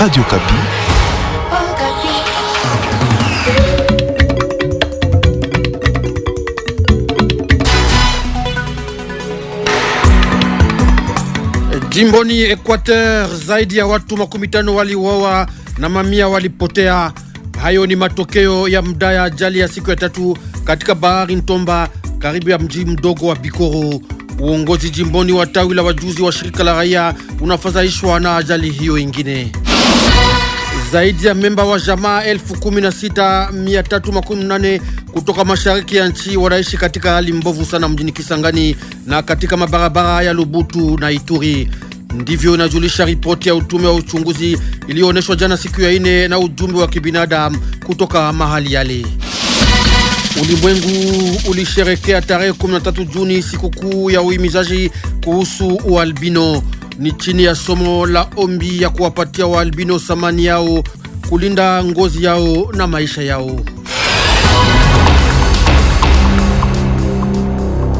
Radio Kapi. Jimboni Equateur zaidi ya watu makumi tano waliuawa na mamia walipotea. Hayo ni matokeo ya muda ya ajali ya siku ya tatu katika bahari Ntomba karibu ya mji mdogo wa Bikoro. Uongozi jimboni wa tawi la wajuzi wa shirika la raia unafadhaishwa na ajali hiyo ingine. Zaidi ya memba wa jamaa 16318 kutoka mashariki ya nchi wanaishi katika hali mbovu sana mjini Kisangani na katika mabarabara ya Lubutu na Ituri. Ndivyo inajulisha ripoti ya utume wa uchunguzi iliyoonyeshwa jana siku ya ine na ujumbe wa kibinadamu kutoka mahali yale. Ulimwengu ulisherekea tarehe 13 Juni sikukuu ya uhimizaji kuhusu ualbino ni chini ya somo la ombi ya kuwapatia waalbino samani yao, kulinda ngozi yao na maisha yao.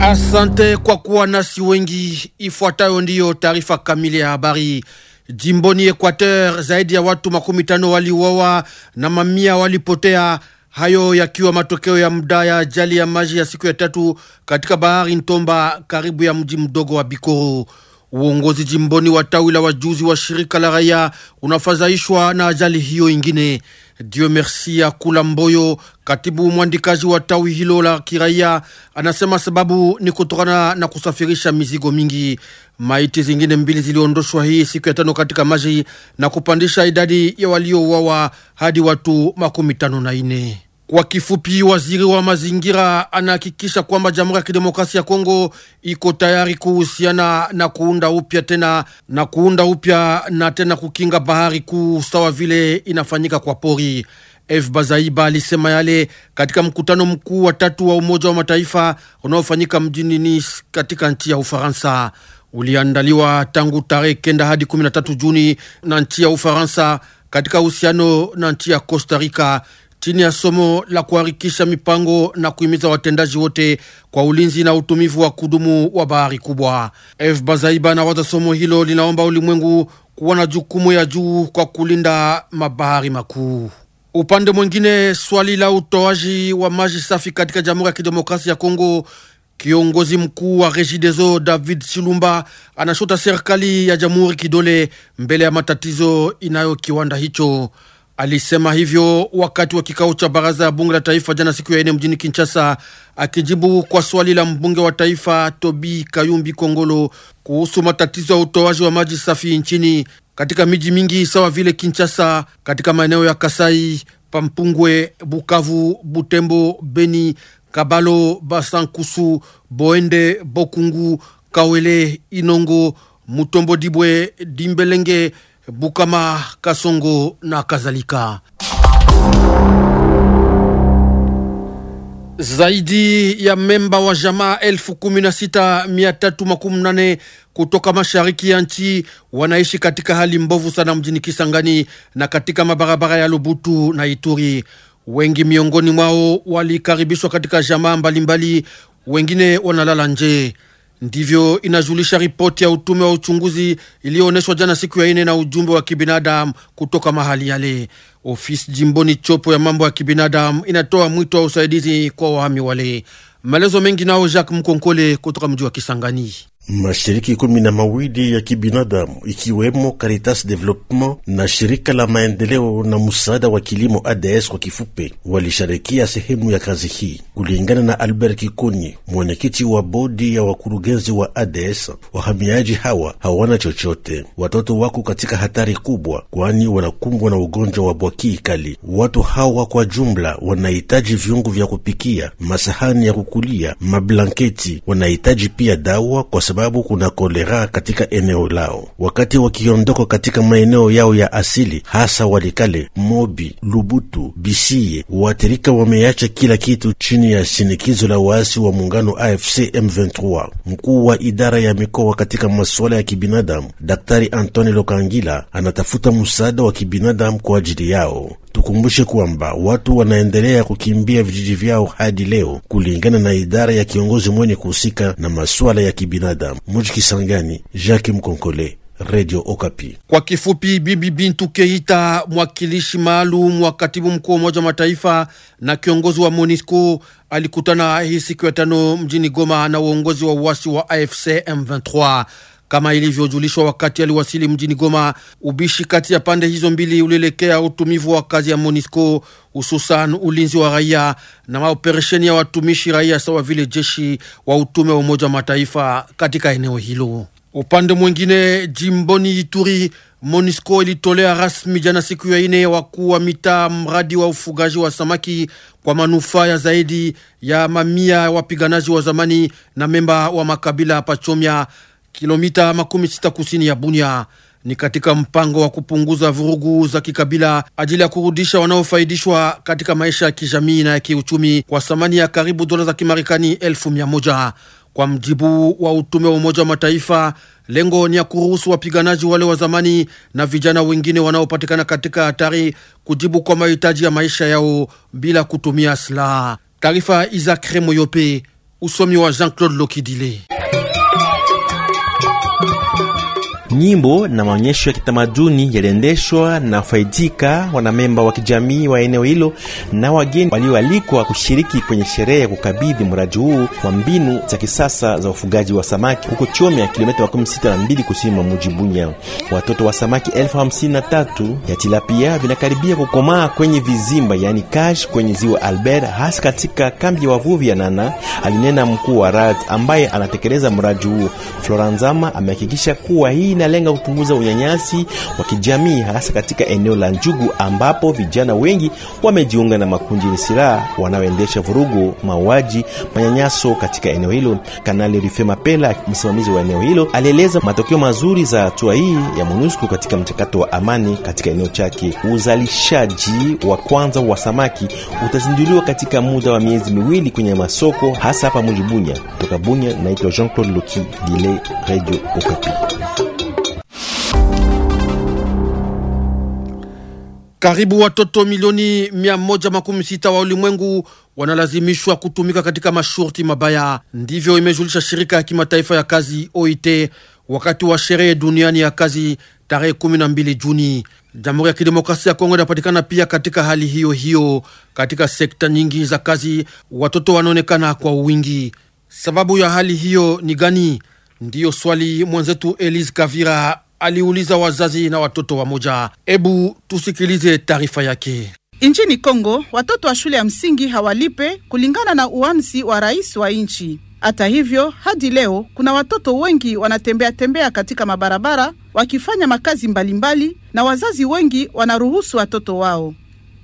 Asante kwa kuwa nasi wengi. Ifuatayo ndiyo taarifa kamili ya habari. Jimboni Equateur, zaidi ya watu makumi tano waliuawa na mamia walipotea, hayo yakiwa matokeo ya muda ya ajali ya maji ya siku ya tatu katika bahari Ntomba karibu ya mji mdogo wa Bikoro. Uongozi jimboni wa tawi la wajuzi wa shirika la raia unafadhaishwa na ajali hiyo ingine. Dieu Merci ya kula Mboyo, katibu mwandikaji wa tawi hilo la kiraia, anasema sababu ni kutokana na kusafirisha mizigo mingi. Maiti zingine mbili ziliondoshwa hii siku ya tano katika maji na kupandisha idadi ya waliouawa hadi watu makumi tano na ine. Kwa kifupi, waziri wa mazingira anahakikisha kwamba Jamhuri ya Kidemokrasia ya Kongo iko tayari kuhusiana na kuunda upya tena na kuunda upya na tena kukinga bahari kuu sawa vile inafanyika kwa pori. F Bazaiba alisema yale katika mkutano mkuu wa tatu wa Umoja wa Mataifa unaofanyika mjini Nice katika nchi ya Ufaransa. Uliandaliwa tangu tarehe kenda hadi 13 Juni na nchi ya Ufaransa katika uhusiano na nchi ya Costa Rica chini ya somo la kuharikisha mipango na kuhimiza watendaji wote kwa ulinzi na utumivu wa kudumu wa bahari kubwa. F Bazaiba na waza somo hilo linaomba ulimwengu kuwa na jukumu ya juu kwa kulinda mabahari makuu. Upande mwingine, swali la utoaji wa maji safi katika Jamhuri ya Kidemokrasia ya Kongo, kiongozi mkuu wa Regideso David Chilumba anashota serikali ya jamhuri kidole mbele ya matatizo inayo kiwanda hicho. Alisema hivyo wakati wa kikao cha baraza ya bunge la taifa jana siku ya ine mjini Kinshasa, akijibu kwa swali la mbunge wa taifa Tobi Kayumbi Kongolo kuhusu matatizo ya utoaji wa maji safi nchini katika miji mingi sawa vile Kinshasa, katika maeneo ya Kasai, Pampungwe, Bukavu, Butembo, Beni, Kabalo, Basankusu, Boende, Bokungu, Kawele, Inongo, Mutombo, Dibwe, Dimbelenge Bukama, Kasongo na kadhalika. Zaidi ya memba wa jamaa elfu kumi na sita mia tatu makumi nane kutoka mashariki ya nchi wanaishi katika hali mbovu sana mjini Kisangani na katika mabarabara ya Lubutu na Ituri. Wengi miongoni mwao walikaribishwa katika jamaa mbalimbali, wengine wanalala nje. Ndivyo inajulisha ripoti ya utume wa uchunguzi iliyoonyeshwa jana siku ya ine na ujumbe wa kibinadamu kutoka mahali yale. Ofisi jimboni Chopo ya mambo ya kibinadamu inatoa mwito wa usaidizi kwa wahami wale. Maelezo mengi nao Jacques Mkonkole kutoka mji wa Kisangani. Mashiriki kumi na mawili ya kibinadamu ikiwemo Caritas Development na shirika la maendeleo na msaada wa kilimo ADS kwa kifupi walisharikia sehemu ya kazi hii. Kulingana na Albert Kikuni, mwenyekiti wa bodi ya wakurugenzi wa ADS, wahamiaji hawa hawana chochote. Watoto wako katika hatari kubwa, kwani wanakumbwa na ugonjwa wa bwakii kali. Watu hawa kwa jumla wanahitaji viungu vya kupikia, masahani ya kukulia, mablanketi. Wanahitaji pia dawa kwa sababu sababu kuna kolera katika eneo lao. Wakati wakiondoka katika maeneo yao ya asili, hasa Walikale, Mobi, Lubutu, Bisiye, waathirika wameacha kila kitu chini ya shinikizo la waasi wa muungano AFC M23. Mkuu wa idara ya mikoa katika masuala ya kibinadamu Daktari Antoni Lokangila anatafuta msaada wa kibinadamu kwa ajili yao. Tukumbushe kwamba watu wanaendelea kukimbia vijiji vyao hadi leo, kulingana na idara ya kiongozi mwenye kuhusika na masuala ya kibinadamu muji Kisangani, Jacques Mkonkole. Radio Okapi. Kwa kifupi, Bibi Bintu Keita, mwakilishi maalum wa katibu mkuu wa Umoja wa Mataifa na kiongozi wa MONUSCO, alikutana hii siku ya tano mjini Goma na uongozi wa uasi wa AFC M23. Kama ilivyojulishwa wakati aliwasili mjini Goma, ubishi kati ya pande hizo mbili ulielekea utumivu wa kazi ya MONUSCO hususan ulinzi wa raia na maoperesheni ya watumishi raia sawa vile jeshi wa utume wa Umoja wa Mataifa katika eneo hilo. Upande mwingine, jimboni Ituri, MONUSCO ilitolea rasmi jana siku ya ine wakuu wa mitaa mradi wa ufugaji wa samaki kwa manufaa ya zaidi ya mamia wapiganaji wa zamani na memba wa makabila hapa Chomya kilomita makumi sita kusini ya Bunia. Ni katika mpango wa kupunguza vurugu za kikabila ajili ya kurudisha wanaofaidishwa katika maisha ya kijamii na ya kiuchumi kwa thamani ya karibu dola za Kimarekani elfu mia moja. Kwa mjibu wa utume wa Umoja wa Mataifa, lengo ni ya kuruhusu wapiganaji wale wa zamani na vijana wengine wanaopatikana katika hatari kujibu kwa mahitaji ya maisha yao bila kutumia silaha. Taarifa Isaac Remoyope, usomi wa Jean-Claude Lokidile. Nyimbo na maonyesho ya kitamaduni yaliendeshwa na faidika wanamemba wa kijamii wa eneo hilo na wageni walioalikwa kushiriki kwenye sherehe ya kukabidhi mradi huu wa mbinu za kisasa za ufugaji wa samaki huko Chome ya kilomita 62 kusini mwa mji Bunya. Watoto wa samaki elfu hamsini na tatu ya tilapia vinakaribia kukomaa kwenye vizimba, yani cash, kwenye ziwa Albert, hasa katika kambi ya wavuvi ya Nana, alinena mkuu wa RAD ambaye anatekeleza mradi huo. Floranzama amehakikisha kuwa hii inalenga kupunguza unyanyasi wa kijamii hasa katika eneo la Njugu ambapo vijana wengi wamejiunga na makundi yenye silaha wanaoendesha vurugu, mauaji, manyanyaso katika eneo hilo. Kanali Rife Mapela, msimamizi wa eneo hilo, alieleza matokeo mazuri za hatua hii ya MONUSCO katika mchakato wa amani katika eneo chake. Uzalishaji wa kwanza wa samaki utazinduliwa katika muda wa miezi miwili kwenye masoko hasa hapa mji Bunya. Toka Bunya, naitwa Jean-Claude Loki Dile, Radio Okapi. Karibu watoto milioni mia moja makumi sita wa ulimwengu wanalazimishwa kutumika katika masharti mabaya. Ndivyo imejulisha shirika ya kimataifa ya kazi OIT wakati wa sherehe duniani ya kazi tarehe 12 Juni. Jamhuri ya Kidemokrasia ya Kongo inapatikana pia katika hali hiyo hiyo. Katika sekta nyingi za kazi, watoto wanaonekana kwa wingi. Sababu ya hali hiyo ni gani? Ndiyo swali mwenzetu Elise Kavira aliuliza wazazi na watoto wamoja. Hebu tusikilize taarifa yake. Nchini Kongo watoto wa shule ya msingi hawalipe kulingana na uamsi wa rais wa nchi. Hata hivyo, hadi leo kuna watoto wengi wanatembea tembea katika mabarabara wakifanya makazi mbalimbali mbali, na wazazi wengi wanaruhusu watoto wao.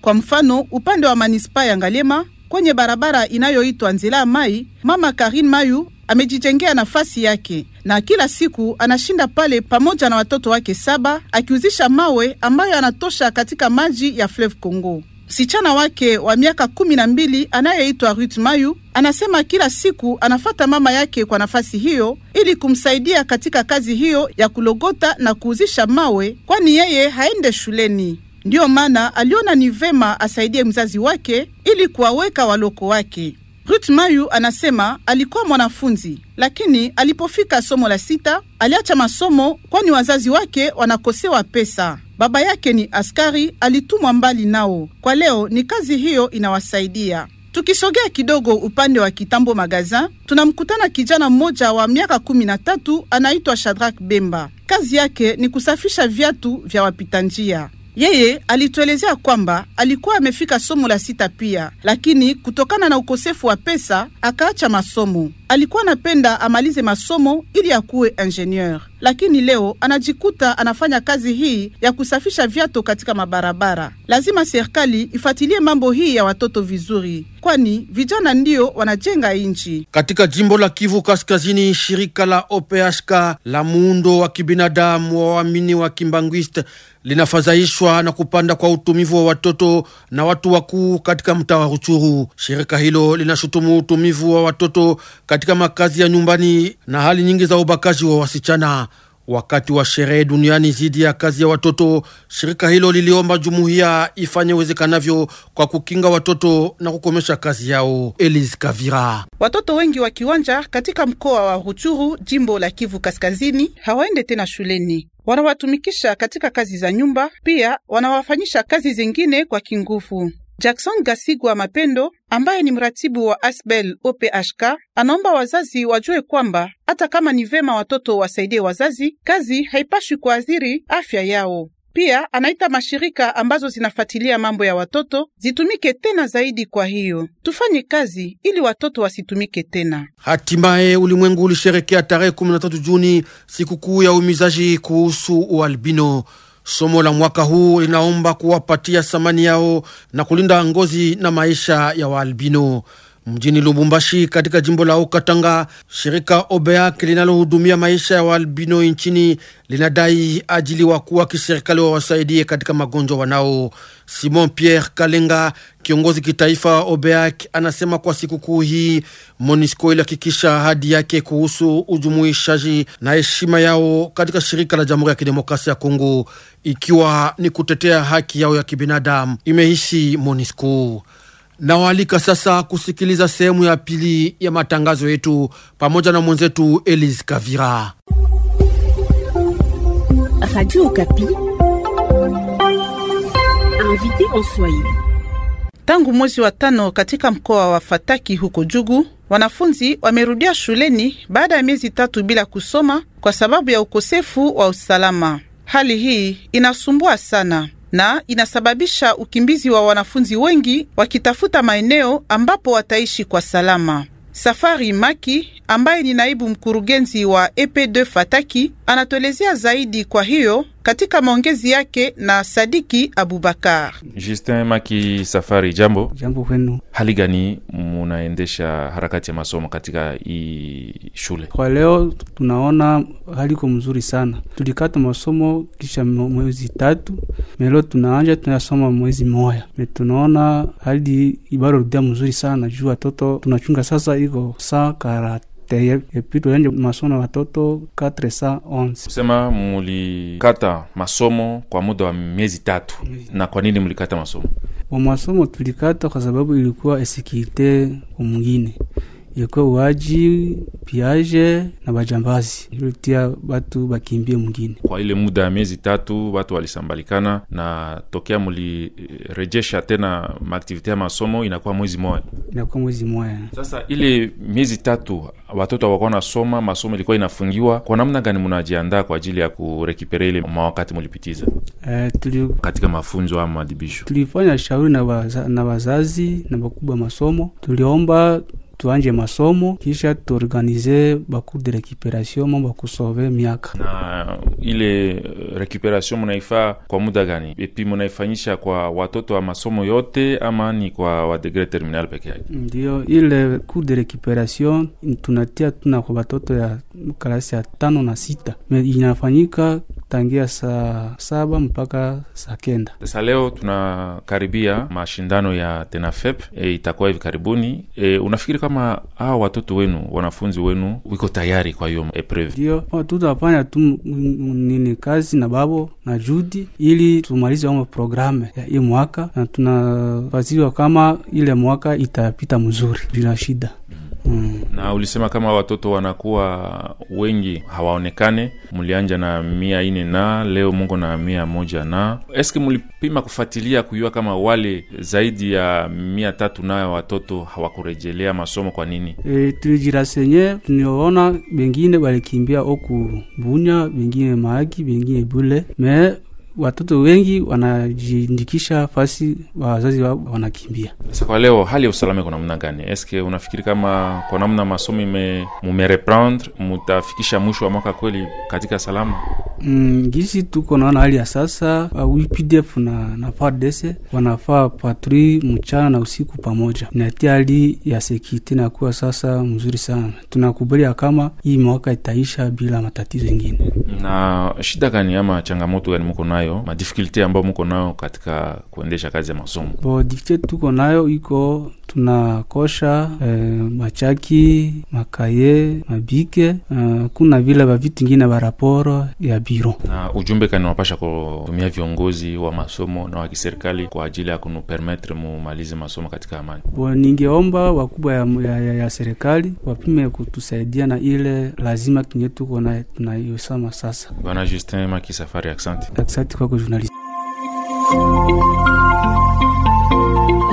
Kwa mfano, upande wa manispaa ya Ngaliema kwenye barabara inayoitwa Nzila Mai, mama Karin Mayu amejijengea nafasi yake na kila siku anashinda pale pamoja na watoto wake saba akiuzisha mawe ambayo anatosha katika maji ya Fleuve Congo. Msichana wake wa miaka kumi na mbili anayeitwa rut Mayu anasema kila siku anafata mama yake kwa nafasi hiyo ili kumsaidia katika kazi hiyo ya kulogota na kuuzisha mawe, kwani yeye haende shuleni. Ndiyo maana aliona ni vema asaidie mzazi wake ili kuwaweka waloko wake. Ruth Mayu anasema alikuwa mwanafunzi lakini alipofika somo la sita aliacha masomo kwani wazazi wake wanakosewa pesa. Baba yake ni askari, alitumwa mbali nao. Kwa leo ni kazi hiyo inawasaidia. Tukisogea kidogo upande wa Kitambo Magazin, tunamkutana kijana mmoja wa miaka kumi na tatu anaitwa Shadrak Bemba. Kazi yake ni kusafisha viatu vya wapita njia. Yeye alituelezea kwamba alikuwa amefika somo la sita pia, lakini kutokana na ukosefu wa pesa akaacha masomo. Alikuwa anapenda amalize masomo ili akuwe ingenieur, lakini leo anajikuta anafanya kazi hii ya kusafisha viato katika mabarabara. Lazima serikali ifuatilie mambo hii ya watoto vizuri, kwani vijana ndiyo wanajenga nchi. Katika jimbo la Kivu Kaskazini, shirika la OPHK la muundo wa kibinadamu wa waamini wa kimbanguist linafadhaishwa na kupanda kwa utumivu wa watoto na watu wakuu katika mtaa wa Ruchuru. Shirika hilo linashutumu utumivu wa watoto katika makazi ya nyumbani na hali nyingi za ubakaji wa wasichana. Wakati wa sherehe duniani dhidi ya kazi ya watoto, shirika hilo liliomba jumuiya ifanye uwezekanavyo kwa kukinga watoto na kukomesha kazi yao. Elise Kavira. Watoto wengi wa kiwanja katika mkoa wa Ruchuru, jimbo la Kivu Kaskazini, hawaende tena shuleni wanawatumikisha katika kazi za nyumba, pia wanawafanyisha kazi zingine kwa kinguvu. Jackson Gasigwa Mapendo ambaye ni mratibu wa Asbel OPHK anaomba wazazi wajue kwamba hata kama ni vema watoto wasaidie wazazi, kazi haipashi kuathiri afya yao. Pia anaita mashirika ambazo zinafuatilia mambo ya watoto zitumike tena zaidi. Kwa hiyo tufanye kazi ili watoto wasitumike tena. Hatimaye ulimwengu ulisherekea tarehe 13 Juni sikukuu ya umizaji kuhusu ualbino. Somo la mwaka huu linaomba kuwapatia thamani yao na kulinda ngozi na maisha ya waalbino mjini Lubumbashi katika jimbo la Okatanga. Shirika OBEAK linalohudumia maisha ya waalbino nchini linadai ajili wakuu wa kiserikali wawasaidie katika magonjwa wanao. Simon Pierre Kalenga, kiongozi kitaifa wa OBEAK, anasema kwa sikukuu hii MONISCO ilihakikisha ahadi yake kuhusu ujumuishaji na heshima yao katika shirika la Jamhuri ya Kidemokrasia ya Kongo, ikiwa ni kutetea haki yao ya kibinadamu, imehisi MONISCO Nawaalika sasa kusikiliza sehemu ya pili ya matangazo yetu pamoja na mwenzetu Elise Kavira. Tangu mwezi wa tano katika mkoa wa Fataki huko Jugu, wanafunzi wamerudia shuleni baada ya miezi tatu bila kusoma kwa sababu ya ukosefu wa usalama. Hali hii inasumbua sana na inasababisha ukimbizi wa wanafunzi wengi wakitafuta maeneo ambapo wataishi kwa salama. Safari Maki ambaye ni naibu mkurugenzi wa EP2 e Fataki anatuelezea zaidi. Kwa hiyo katika maongezi yake na Sadiki Abubakar. Justin Maki Safari, jambo jambo kwenu. Hali gani munaendesha harakati ya masomo katika hii shule kwa leo? Tunaona hali iko mzuri sana, tulikata masomo kisha mwezi tatu, melo tunaanja tunayasoma mwezi moya, me tunaona hali ibaro rudia mzuri sana juu watoto tunachunga sasa iko saa karati te epi tuende masomo na watoto 411. Sema mulikata masomo kwa muda wa miezi tatu, na kwa nini mulikata masomo? Kwa masomo tulikata kwa sababu ilikuwa esekirite kumwingine yeko waji piaje na bajambazi ilitia batu bakimbie mwingine. Kwa ile muda ya miezi tatu watu walisambalikana, na tokea mulirejesha tena maaktivite ya masomo inakuwa mwezi moya, inakuwa mwezi moya. Sasa ile miezi tatu watoto wakuwa nasoma masomo ilikuwa inafungiwa, kwa namna gani munajiandaa kwa ajili ya kurekipere ile mawakati mulipitiza? Eh, tuli... katika mafunzo ama madibisho tulifanya shauri na, waza, na wazazi na wakubwa masomo tuliomba tuanje masomo kisha tuorganize bakur de recuperation mo bakusove miaka. Na ile recuperation munaifaa kwa muda gani? Epi munaifanyisha kwa watoto wa masomo yote ama ni kwa wa degre terminal peke yake? Ndio, ile cours de recuperation tunatia tuna kwa watoto ya klasi ya tano na sita, me inafanyika tangia saa saba mpaka saa kenda. Sasa leo tunakaribia mashindano ya TENAFEP e, itakuwa hivi karibuni e, unafikiri kama hawa watoto wenu wanafunzi wenu wiko tayari kwa hiyo epreve? Ndio, oh, tutafanya tu nini kazi na babo na judi ili tumalize ama programe ya hii mwaka, na tunafaziliwa kama ile mwaka itapita mzuri bila shida. Mm. Na ulisema kama watoto wanakuwa wengi hawaonekane, mlianja na mia ine na leo mungo na mia moja na eske mulipima kufuatilia kuyua kama wale zaidi ya mia tatu nayo watoto hawakurejelea masomo kwa nini? E, tulijirasenye tuniona bengine walikimbia oku Bunya, bengine Mahagi, bengine Bule me watoto wengi wanajiindikisha fasi wazazi wao wanakimbia. Sasa kwa leo hali ya usalama iko namna gani? Eske unafikiri kama kwa namna masomo mumereprendre mutafikisha mwisho wa mwaka kweli katika salama? Mm, gisi tuko naona hali ya sasa wpdf UPDF na, na FARDC wanafaa patrui mchana na usiku pamoja, inatia hali ya sekirite nakuwa sasa mzuri sana. Tunakubalia kama hii mwaka itaisha bila matatizo ingine. Na shida gani ama changamoto gani mko nayo? nayo, madifikulte ambayo muko nayo katika kuendesha kazi ya masomo? Bo, difikulte tuko nayo iko tunakosha eh, machaki makaye mabike eh, kuna vile vavitu ingine baraporo ya biro. Na ujumbe kaniwapasha kutumia viongozi wa masomo na wa kiserikali kwa ajili ya kunupermetre mumalize masomo katika amani. Bo, ningeomba wakubwa ya, ya, ya, ya serikali wapime kutusaidia na ile lazima kinye tuko na tunaiosama sasa. Bwana Justin makisafari aksanti Merci kwako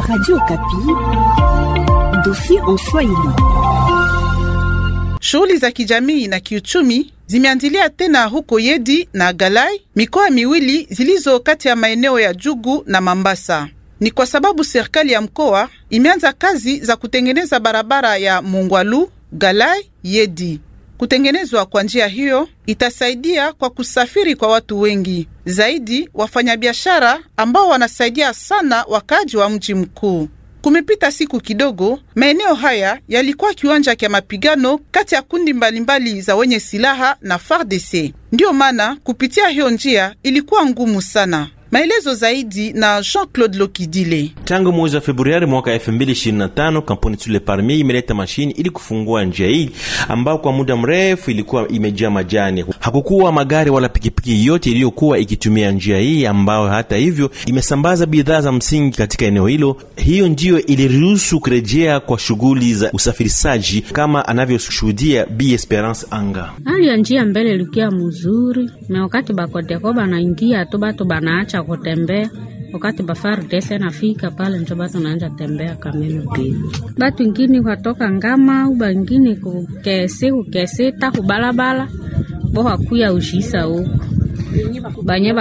Radio Kapi, Dofi en Swahili. Shughuli za kijamii na kiuchumi zimeandilia tena huko Yedi na Galai, mikoa miwili zilizo kati ya maeneo ya Jugu na Mambasa. Ni kwa sababu serikali ya mkoa imeanza kazi za kutengeneza barabara ya Mungwalu Galai Yedi. Kutengenezwa kwa njia hiyo itasaidia kwa kusafiri kwa watu wengi zaidi, wafanyabiashara ambao wanasaidia sana wakaaji wa mji mkuu. Kumepita siku kidogo, maeneo haya yalikuwa kiwanja kya mapigano kati ya kundi mbalimbali za wenye silaha na FARDC. Ndiyo maana kupitia hiyo njia ilikuwa ngumu sana. Maelezo zaidi na Jean-Claude Lokidile. Tangu mwezi wa Februari mwaka 2025 kampuni Tule Parmi imeleta mashini ili kufungua njia hii ambayo kwa muda mrefu ilikuwa imejaa majani. Hakukuwa magari wala pikipiki yote iliyokuwa ikitumia njia hii, ambayo hata hivyo imesambaza bidhaa za msingi katika eneo hilo. Hiyo ndiyo iliruhusu kurejea kwa shughuli za usafirishaji, kama anavyoshuhudia Bi Esperance Anga. Hali ya njia mbele ilikuwa mzuri, na wakati bakodekoba naingia tu batu banaacha ya kutembea wakati bafari tese nafika pale njo batu naanja tembea kamili pili batu ingini watoka ngama ubangini kukesi kukesita kubalabala bohakuya ushisa huko banye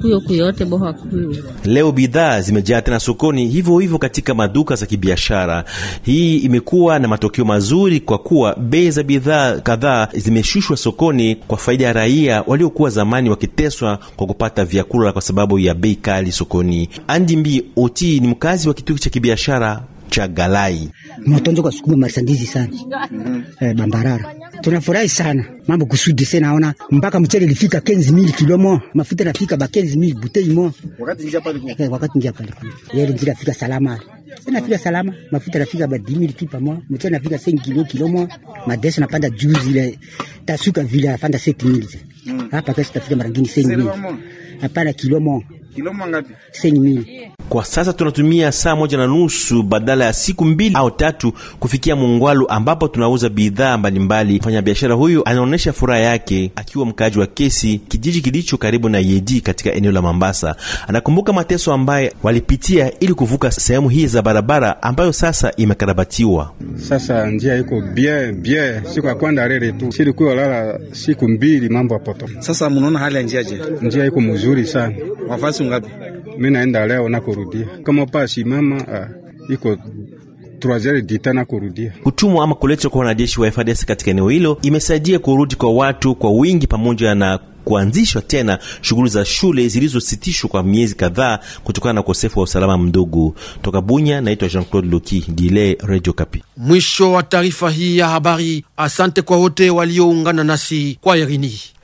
kuyo boha kuyo. Leo bidhaa zimejaa tena sokoni hivyo hivyo katika maduka za kibiashara. Hii imekuwa na matokeo mazuri kwa kuwa bei za bidhaa kadhaa zimeshushwa sokoni kwa faida ya raia waliokuwa zamani wakiteswa kwa kupata vyakula kwa sababu ya bei kali sokoni. Andi Mbi Oti ni mkazi wa kituo cha kibiashara cha Galai. Motonzo kwa sukuma marsandizi sana. Mm -hmm. E, Bambarara. Tunafurahi sana. Mambo kusudi sana naona mpaka mchele ilifika kenzi mili kilomo, mafuta nafika ba kenzi mili butei mo. Wakati njia pale kwa. E, eh, wakati njia pale. Yeye njia fika salama. Sina fika salama, mafuta nafika ba dimili kipa mo, mchele nafika 5 kilo kilomo, madeso napanda juzi ile tasuka vile afanda 7000. Mm. Hapa kesho tafika marangini 5000. Hapana kilomo. Kilomo ngapi? 5000. Kwa sasa tunatumia saa moja na nusu badala ya siku mbili au tatu kufikia Mungwalu ambapo tunauza bidhaa mbalimbali. Mfanyabiashara huyu anaonyesha furaha yake akiwa mkaaji wa Kesi, kijiji kilicho karibu na Yedi katika eneo la Mambasa. Anakumbuka mateso ambaye walipitia ili kuvuka sehemu hii za barabara ambayo sasa imekarabatiwa. Sasa njia iko bien bien, siku ya kwanza rere tu silikuwa lala siku mbili, mambo apoto. Sasa munaona hali ya njia je? Njia iko mzuri sana. Wafasi ngapi? mi naenda leo na kurudia, kama pasi mama ah, iko kutumwa ama kuletwa kwa wanajeshi wa FARDC katika eneo hilo imesaidia kurudi kwa watu kwa wingi pamoja na kuanzishwa tena shughuli za shule zilizositishwa kwa miezi kadhaa kutokana na ukosefu wa usalama mdogo. Toka Bunya, naitwa Jean-Claude Loki Dile, Radio Kapi. Mwisho wa taarifa hii ya habari. Asante kwa wote walioungana nasi kwa Irini.